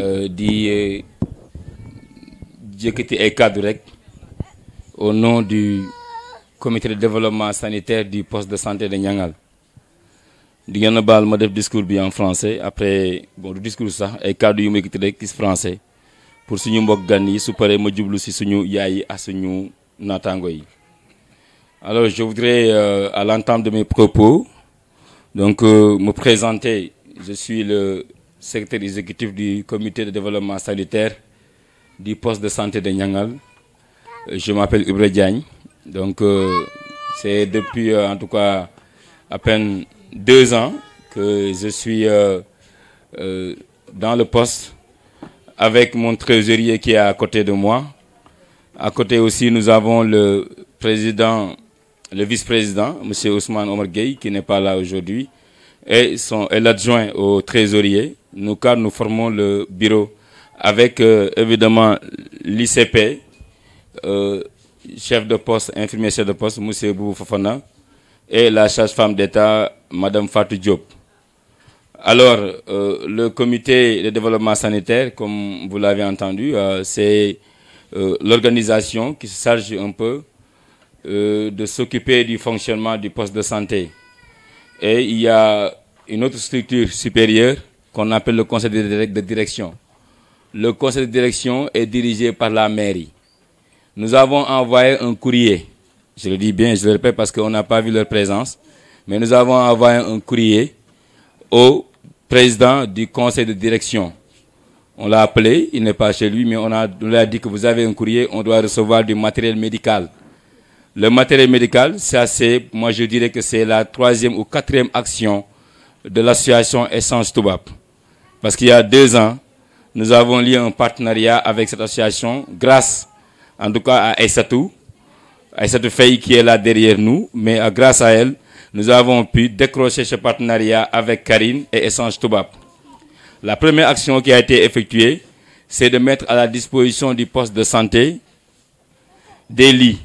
Euh, di jëkkati euh, ay au nom du comité de développement sanitaire du poste de santé de Nyangal. di ngeen a baal ma def discours en français après bon du discours sax ay kàddu yu ma français pour suñu mbok gan yi su paré ma djublu si suñu yaay yi suñu yi alors je voudrais euh, à l'entente de mes propos donc me présenter je suis le secrétaire exécutif du comité de développement sanitaire du poste de santé de Nyangal. Euh, je m'appelle Ubre Diagne. Donc, euh, c'est depuis, euh, en tout cas, à peine deux ans que je suis dans le poste avec mon trésorier qui est à côté de moi. À côté aussi, nous avons le président, le vice-président, monsieur Ousmane Omar Gueye, qui n'est pas là aujourd'hui, et, son, et l'adjoint au trésorier, nous, car nous formons le bureau avec euh, évidemment l'ICP, euh, chef de poste, infirmier chef de poste, Monsieur et la charge femme d'État, Madame Fatou Diop. Alors, euh, le comité de développement sanitaire, comme vous l'avez entendu, euh, c'est l'organisation qui se charge un peu de s'occuper du fonctionnement du poste de santé. Et il y a une autre structure supérieure qu'on appelle le conseil de direction. Le conseil de direction est dirigé par la mairie. Nous avons envoyé un courrier. Je le dis bien, je le répète parce qu'on n'a pas vu leur présence. Mais nous avons envoyé un courrier au président du conseil de direction. On l'a appelé, il n'est pas chez lui, mais on, a, on lui a dit que vous avez un courrier, on doit recevoir du matériel médical. Le matériel médical, ça c'est, moi je dirais que c'est la troisième ou quatrième action de l'association Essence Toubap. Parce qu'il y a deux ans, nous avons lié un partenariat avec cette association, grâce en tout cas à à Aïssatou Faye qui est là derrière nous, mais grâce à elle, nous avons pu décrocher ce partenariat avec Karine et Essange Toubap. La première action qui a été effectuée, c'est de mettre à la disposition du poste de santé des lits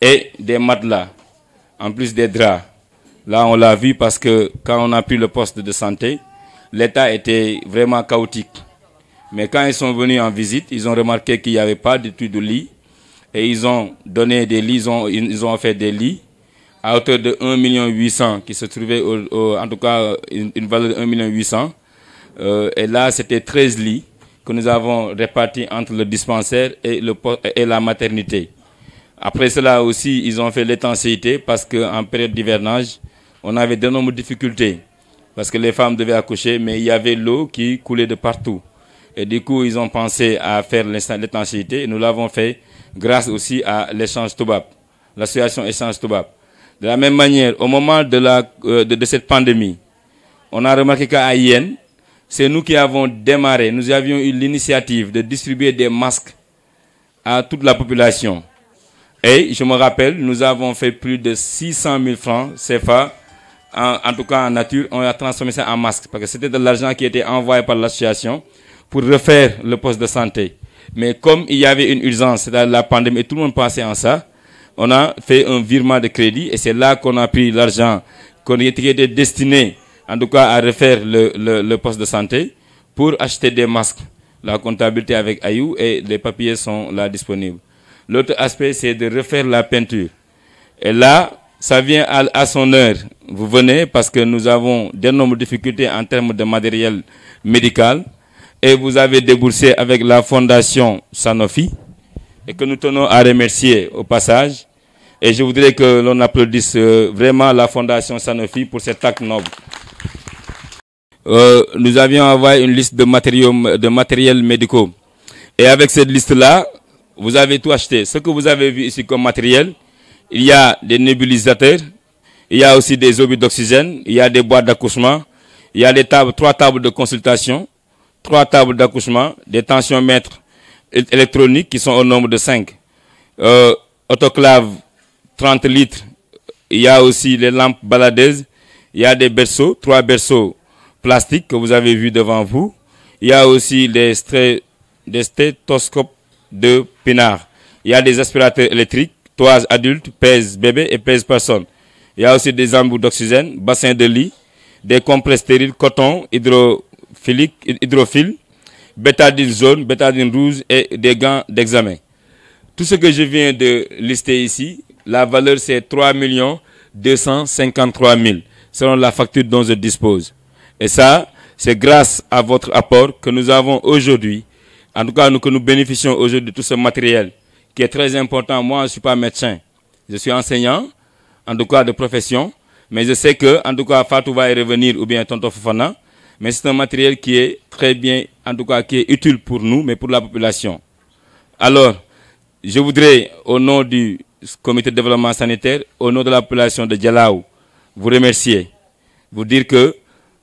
et des matelas, en plus des draps. Là, on l'a vu parce que quand on a pris le poste de santé, l'État était vraiment chaotique. Mais quand ils sont venus en visite, ils ont remarqué qu'il n'y avait pas du tout de lit. Et ils ont donné des lits, ils ont, fait des lits à hauteur de 1,8 million qui se trouvait en tout cas une, valeur de 1,8 million euh, et là c'était 13 lits que nous avons répartis entre le dispensaire et le et la maternité. Après cela aussi, ils ont fait l'étanchéité parce qu'en période d'hivernage, on avait de nombreuses difficultés parce que les femmes devaient accoucher, mais il y avait l'eau qui coulait de partout. Et du coup, ils ont pensé à faire l'étanchéité et nous l'avons fait grâce aussi à l'échange Toubab, l'association Échange Toubab. De la même manière, au moment de, la, euh, cette pandémie, on a remarqué qu'à Yen, c'est nous qui avons démarré, nous avions eu l'initiative de distribuer des masques à toute la population. Et je me rappelle, nous avons fait plus de 600 000 francs CFA en, en, tout cas en nature, on a transformé ça en masque. Parce que c'était de l'argent qui était envoyé par l'association pour refaire le poste de santé. Mais comme il y avait une urgence, cest la pandémie, et tout le monde pensait en ça, on a fait un virement de crédit et c'est là qu'on a pris l'argent qu'on était destiné, en tout cas, à refaire le, le, le, poste de santé pour acheter des masques. La comptabilité avec Ayou et les papiers sont là disponibles. L'autre aspect, c'est de refaire la peinture. Et là, ça vient à, son heure. Vous venez parce que nous avons d'énormes difficultés en termes de matériel médical et vous avez déboursé avec la fondation Sanofi et que nous tenons à remercier au passage. Et je voudrais que l'on applaudisse euh, vraiment la fondation Sanofi pour cet acte noble. Euh, nous avions envoyé une liste de matériaux, de matériels médicaux. Et avec cette liste-là, vous avez tout acheté. Ce que vous avez vu ici comme matériel, il y a des nébulisateurs, il y a aussi des obus d'oxygène, il y a des boîtes d'accouchement, il y a des tables, trois tables de consultation, trois tables d'accouchement, des tensiomètres électroniques qui sont au nombre de cinq, euh, autoclave 30 litres, il y a aussi les lampes baladaises, il y a des berceaux, trois berceaux plastiques que vous avez vus devant vous, il y a aussi des, des stéthoscopes de pinard, il y a des aspirateurs électriques, toise adulte, pèse bébé et pèse personne. Il y a aussi des embouts d'oxygène, bassin de lit, des compresses stériles, coton, hydrophilique, hydrophile, bétadine jaune, bétadine rouge et des gants d'examen. Tout ce que je viens de lister ici, la valeur c'est 3 253 000 selon la facture dont je dispose. Et ça, c'est grâce à votre apport que nous avons aujourd'hui, en tout cas nous, que nous bénéficions aujourd'hui de tout ce matériel qui est très important. Moi, je ne suis pas médecin. Je suis enseignant, en tout cas de profession. Mais je sais que, en tout cas, Fatou va y revenir ou bien Tonto Fofana. Mais c'est un matériel qui est très bien, en tout cas, qui est utile pour nous, mais pour la population. Alors, je voudrais, au nom du comité de développement sanitaire, au nom de la population de Djalaou, vous remercier. Vous dire que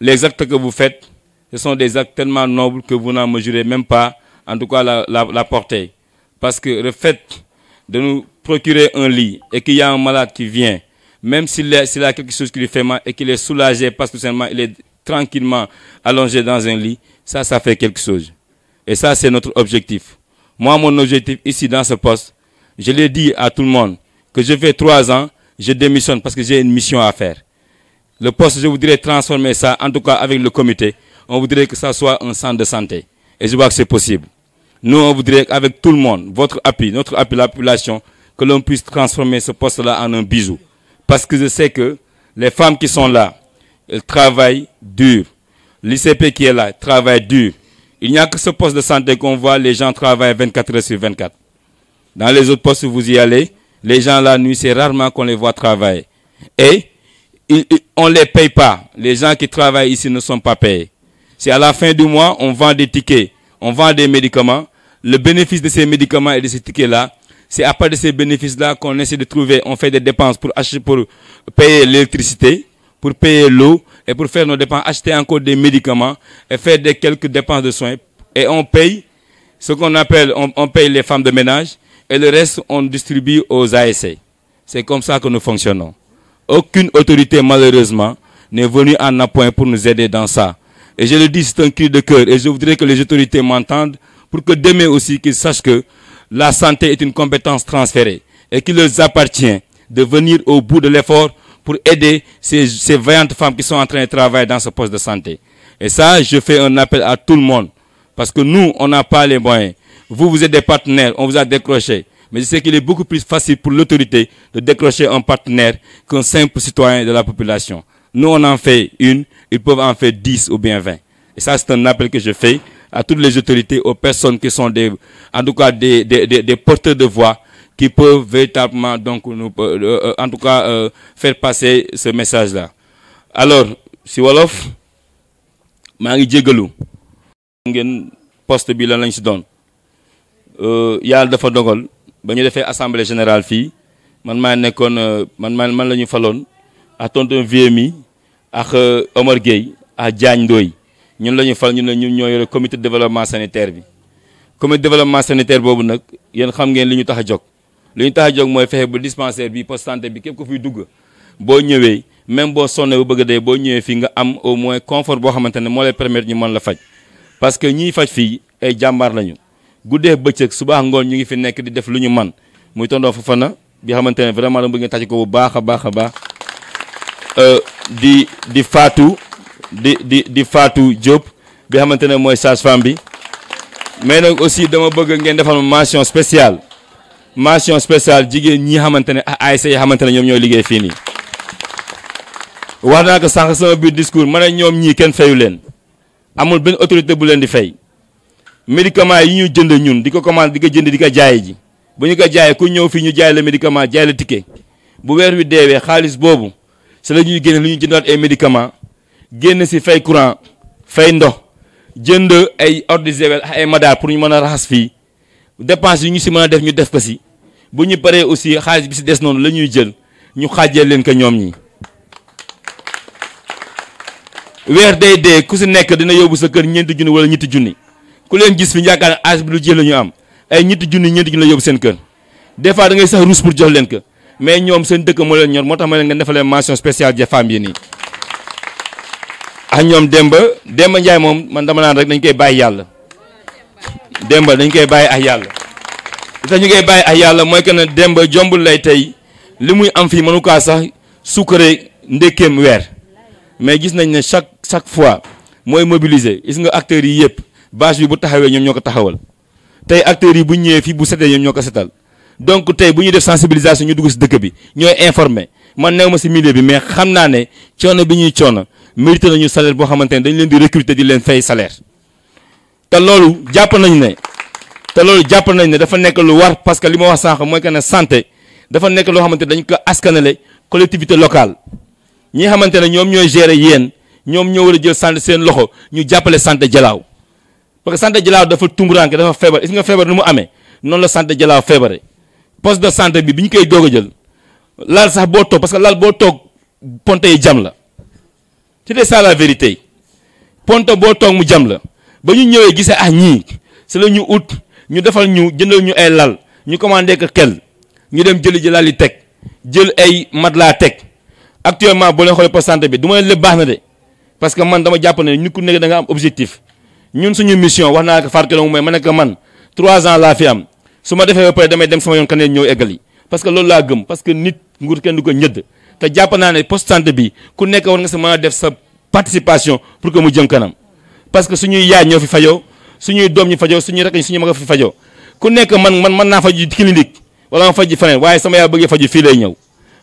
les actes que vous faites, ce sont des actes tellement nobles que vous n'en mesurez même pas, en tout cas, la portée. Parce que le fait de nous procurer un lit et qu'il y a un malade qui vient, même s'il a quelque chose qui lui fait mal et qu'il est soulagé parce que seulement il est tranquillement allongé dans un lit, ça, ça fait quelque chose. Et ça, c'est notre objectif. Moi, mon objectif ici dans ce poste, je l'ai dit à tout le monde que je fais trois ans, je démissionne parce que j'ai une mission à faire. Le poste, je voudrais transformer ça, en tout cas avec le comité. On voudrait que ça soit un centre de santé. Et je vois que c'est possible. Nous, on voudrait avec tout le monde, votre appui, notre appui, la population, que l'on puisse transformer ce poste-là en un bijou. Parce que je sais que les femmes qui sont là, elles travaillent dur. L'ICP qui est là travaille dur. Il n'y a que ce poste de santé qu'on voit, les gens travaillent 24 heures sur 24. Dans les autres postes où vous y allez, les gens la nuit, c'est rarement qu'on les voit travailler. Et on ne les paye pas. Les gens qui travaillent ici ne sont pas payés. C'est à la fin du mois, on vend des tickets on vend des médicaments. Le bénéfice de ces médicaments et de ces tickets-là, c'est à part de ces bénéfices-là qu'on essaie de trouver, on fait des dépenses pour acheter, pour payer l'électricité, pour payer l'eau et pour faire nos dépenses, acheter encore des médicaments et faire des quelques dépenses de soins. Et on paye ce qu'on appelle, on, paye les femmes de ménage et le reste, on distribue aux ASC. C'est comme ça que nous fonctionnons. Aucune autorité, malheureusement, n'est venue en appoint pour nous aider dans ça. Et je le dis, c'est un cri de cœur. Et je voudrais que les autorités m'entendent pour que demain aussi, qu'ils sachent que la santé est une compétence transférée et qu'il leur appartient de venir au bout de l'effort pour aider ces, ces vaillantes femmes qui sont en train de travailler dans ce poste de santé. Et ça, je fais un appel à tout le monde. Parce que nous, on n'a pas les moyens. Vous, vous êtes des partenaires, on vous a décroché. Mais je sais qu'il est beaucoup plus facile pour l'autorité de décrocher un partenaire qu'un simple citoyen de la population. Nous, on en fait une ils peuvent en faire 10 ou bien 20. Et ça, c'est un appel que je fais à toutes les autorités, aux personnes qui sont des, en tout cas des, des, des, porteurs de voix, qui peuvent véritablement donc nous, euh, euh, en tout cas euh, faire passer ce message là alors si wolof Mangi ngi jégalu poste bi lan lañ de doon yàlla dafa Il y a assemblée générale fille, man nekon, nekkoon man man man la ñu faloon ak euh, Omar Gueye ak Diagne Ndoye ñun la ñu fal ñun ne ñun ñoo yore comité de développement sanitaire bi comité de sanitaire boobu nag yéen xam ngeen li ñu tax a jog li ñu tax a jóg mooy fexe ba dispensaire bi poste santé bi képp ku fiy dugg boo ñëwee même boo sonnee bu bëgg a dee boo ñëwee fii nga am au moins confort boo xamante ne moo lay permettre ñu mën la faj parce que ñiy faj fii ay jàmbaar lañu guddee bëccëg subaax ngoon ñu ngi fi nekk di def lu ñu man muy tondoo Fofana bi xamante ne vraiment dama bëgg nga ko bu baax baax a baax euh, di di faatu di di di Fatou Diop bi xamante ne mooy sage-femme bi mais nag aussi dama bëgg ngeen defal ma mention spéciale mention spéciale jigéen ñi xamante ne ah ASC yi xamante ne ñoom ñooy liggéey fii nii wax naa ko sànq sama biir discours ma ne ñoom ñii kenn fayu leen amul benn autorité bu leen di fay médicament yi ñu jënd ñun di ko commandé di ko jënd di ko jaay ji bu ñu ko jaayee ku ñëw fii ñu jaay la médicament jaay la ticket bu weer wi deewee xaalis boobu si la ñuy génne lu ñuy jëndaat ay médicaments génn si fay courant fay ndox jënd ay ordre de javel ay madaar pour ñu mën a raxas fii dépense yi ñu si mën def ñu def ko si bu ñu paree aussi xaalis bi si des noonu la jël ñu xaajee leen ko ñoom ñi weer day dee ku si nekk dina yóbbu sa kër ñeenti junni wala ñetti junni ku leen gis fi ñu yaakaar bi lu jeex ñu am ay ñetti junni ñeenti junni la yóbbu seen kër des da ngay sax ruus pour jox leen ko mais ñoom seen dëkk moo leen ñor moo tax ma leen ngeen defalee mention spéciale des femmes yi nii. ak ñoom Demba Demba Ndiaye moom man dama naan rek dañ koy bàyyi yàlla Demba dañ koy bàyyi ak yàlla. li tax ñu koy bàyyi ak yàlla mooy que ne Demba jombul lay tey li muy am fii mënu kaa sax sukkare ndekkeem weer mais gis nañ ne chaque chaque fois mooy mobiliser gis nga acteur yi yëpp bâche bi bu taxawee ñoom ñoo ko taxawal tey acteurs yi bu ñëwee fii bu setee ñoom ñoo ko setal. donc tey bu ñu def sensibilisation ñu dugg si dëkk bi ñooy informé man new ma si milieu bi mais xam naa ne coono bi ñuy coono mérité nañu salaire boo xamante ne dañ leen di recruter di leen fay salaire. te loolu jàpp nañ ne te loolu jàpp nañ ne dafa nekk lu war parce que li ma wax sànq mooy que ne santé dafa nekk loo xamante dañ ko askanele collectivité locale ñi xamante ne ñoom ñooy gérer yéen ñoom ñoo war a jël santé seen loxo ñu jàppale santé jalaaw parce que santé jalaaw dafa tumburanke dafa feebar gis nga nu mu amee noonu la santé jalaaw feebare poste de santé bi bi ñu koy doog a jël laal sax boo toog parce que laal boo toog ponte yi jam la c'était ça la vérité ponte boo toog mu jam la ba ñu ñëwee gisee ah ñii si la ñu ut ñu defal ñu jëndal ñu ay lal ñu commandé ko kel ñu dem jël ji lal yi teg jël ay matelas teg actuellement boo leen xoolee poste santé bi du ma leen lépp baax na de parce que man dama jàpp ne ñu ku nekk danga nga am objectif ñun suñu mission wax naa ko Fatou Kelle mu may ma nekk man trois ans laa fi am. su ma defee ba pare damay dem sama yoon keneen ñëw eggal yi parce que loolu laa gëm parce que nit nguur kenn du ko ñëdd te jàpp naa ne poste santé bi ku nekk war nga sa mën a def sa participation pour que mu jëm kanam parce que suñuy yaay ñoo fi fajoo suñuy doom ñi fajoo suñuy rakk suñuy mag fi fajoo ku nekk man man mën naa faju clinique wala ma faj feneen waaye sama yaay bëggee faju fii lay ñëw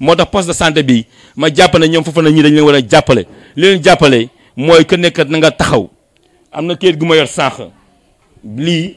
moo tax poste de santé bi ma jàpp ne ñoom foofu na ñi dañ leen war a jàppale li leen mooy ku nekk na nga taxaw am na kayit gu ma yor sànq lii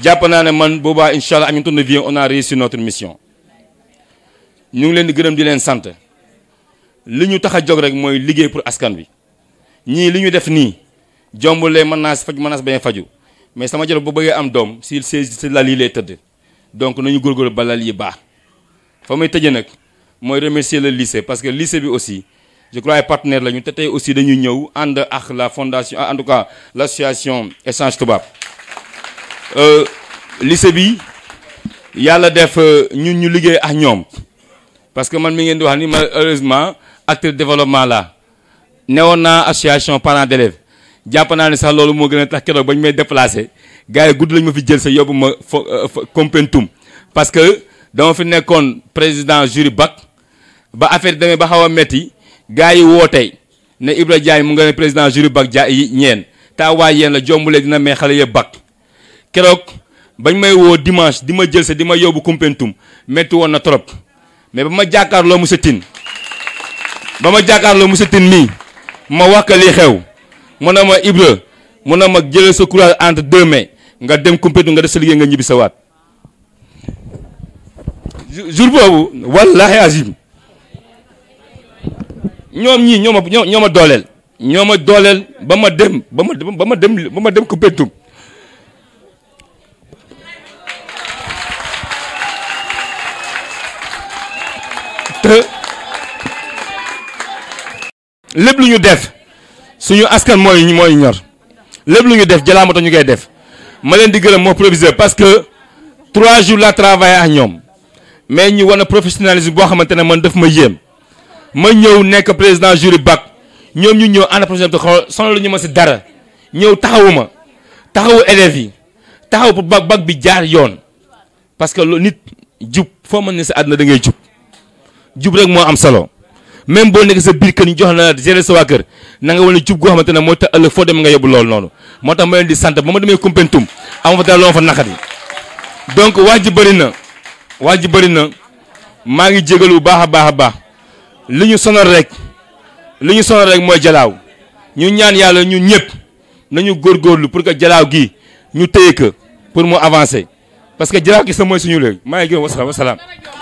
jàpp ne man boba inshallah allah Amintone vient, on a réussi notre mission ñu ngi leen di gërëm di leen sant li ñu tax a rek moy liggéey pour askan bi ñi li ñu def nii jombulee mën naa faj mën faju mais sama jël bu bëggee am dom si si la yi lay teud donc nañu góorgóorlu balal yi ba fa may tëjee nak moy remercier le lycée parce que lycée bi aussi je crois ay partenaire la ñu te aussi dañu ñëw and ak la fondation en tout cas l'association échange tubaab euh, lycée bi yalla def euh, ñun ñu liggéey ak ñom parce que man mi ngeen di wax ni malheureusement acteur développement la newoon naa association parents d'élèves jappana naa sax lolu mo gën tax keroog bañ may déplacer gaay yi gudd lañu ma fi jël sa yóbbu ma euh, parce que dama fi nekkoon président jury BAC ba affaire demee ba xawa metti gaay yi ne Ibra Diagne mu président jury BAC ja ñeen ta wa yéen la jombulee dina may xalé ya BAC keroog bañ may woo dimanche di ma jël sa di ma yobbu Koumpentoum métti woon na trop mais ba ma jàkkaarloo monsieur Tine ba ma jàkkaarloo monsieur Tine mii ma wax ko lii xew mu ne ma Ibra mu ne ma jëlee sa courage entre deux mains nga dem Koumpentoum nga def sa liggéey nga ñibbi sa waat jour boobu wallaahi azim ñoom ñii ñoo ma ñoo ma dooleel. ñoo ma dooleel ba ma dem ba ma ba ma dem ba ma dem Koumpentoum lépp lu ñu def suñu askan mooy mooy ñor lépp lu ñu def jëlaamata ñu koy def ma leen di gërëm moo proviseur parce que trois jours la travaillé ak ñoom mais ñu na professionnalisme boo xamante ne man daf ma yéem ma ñëw nekk président jury BAC ñoom ñu ñëw ànd projet de xool sonal ñu ma dara ñëw taxawuma taxawu élèves yi taxaw pour BAC BAC bi jaar yoon parce que loolu nit jub foo mën ne si àdduna da jub jub rek moo am solo même boo nekk sa biir kër ñu jox la gérer sa waa kër na nga wane jub goo xamante ne mooy tax ëllëg foo dem nga yóbbu loolu noonu moo tax ma leen di sant ba ma demee Koumpentoum am fa dara donc wax ji bëri na wax ji bëri na maa ngi jégalu bu baax a baax a baax li ñu sonal rek li ñu sonal rek mooy jalaaw ñu ñaan yàlla ñu ñëpp nañu góorgóorlu pour que jalaaw gi ñu téye ko pour mu avancer parce que jalaaw gi sa mooy suñu léegi maa ngi gërëm wasalaam wasalaam